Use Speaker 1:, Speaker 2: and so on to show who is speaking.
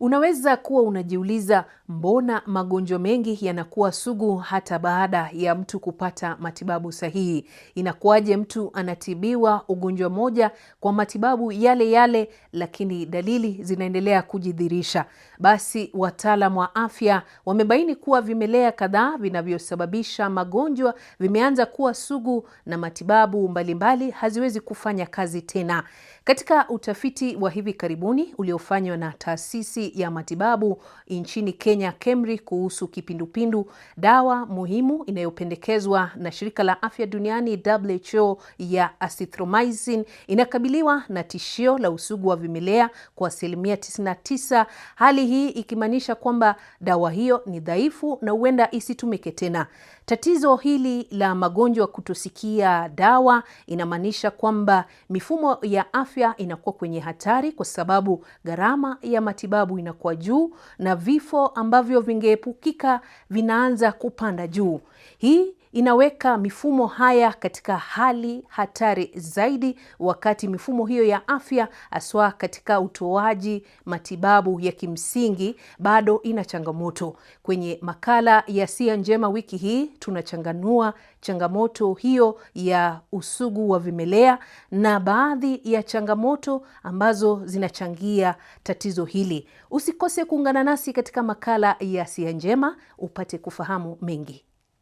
Speaker 1: Unaweza kuwa unajiuliza mbona magonjwa mengi yanakuwa sugu hata baada ya mtu kupata matibabu sahihi? Inakuwaje mtu anatibiwa ugonjwa moja kwa matibabu yale yale, lakini dalili zinaendelea kujidhirisha Basi wataalam wa afya wamebaini kuwa vimelea kadhaa vinavyosababisha magonjwa vimeanza kuwa sugu na matibabu mbalimbali mbali haziwezi kufanya kazi tena. Katika utafiti wa hivi karibuni uliofanywa na taasisi ya matibabu nchini Kenya KEMRI kuhusu kipindupindu, dawa muhimu inayopendekezwa na shirika la afya duniani WHO ya azithromycin inakabiliwa na tishio la usugu wa vimelea kwa asilimia 99, hali hii ikimaanisha kwamba dawa hiyo ni dhaifu na huenda isitumike tena. Tatizo hili la magonjwa kutosikia dawa inamaanisha kwamba mifumo ya afya inakuwa kwenye hatari kwa sababu gharama ya matibabu inakuwa juu na vifo ambavyo vingeepukika vinaanza kupanda juu. Hii inaweka mifumo haya katika hali hatari zaidi, wakati mifumo hiyo ya afya haswa katika utoaji matibabu ya kimsingi bado ina changamoto. Kwenye makala ya Sia Njema wiki hii tunachanganua changamoto hiyo ya usugu wa vimelea na baadhi ya changamoto ambazo zinachangia tatizo hili. Usikose kuungana nasi katika makala ya Sia Njema upate kufahamu mengi.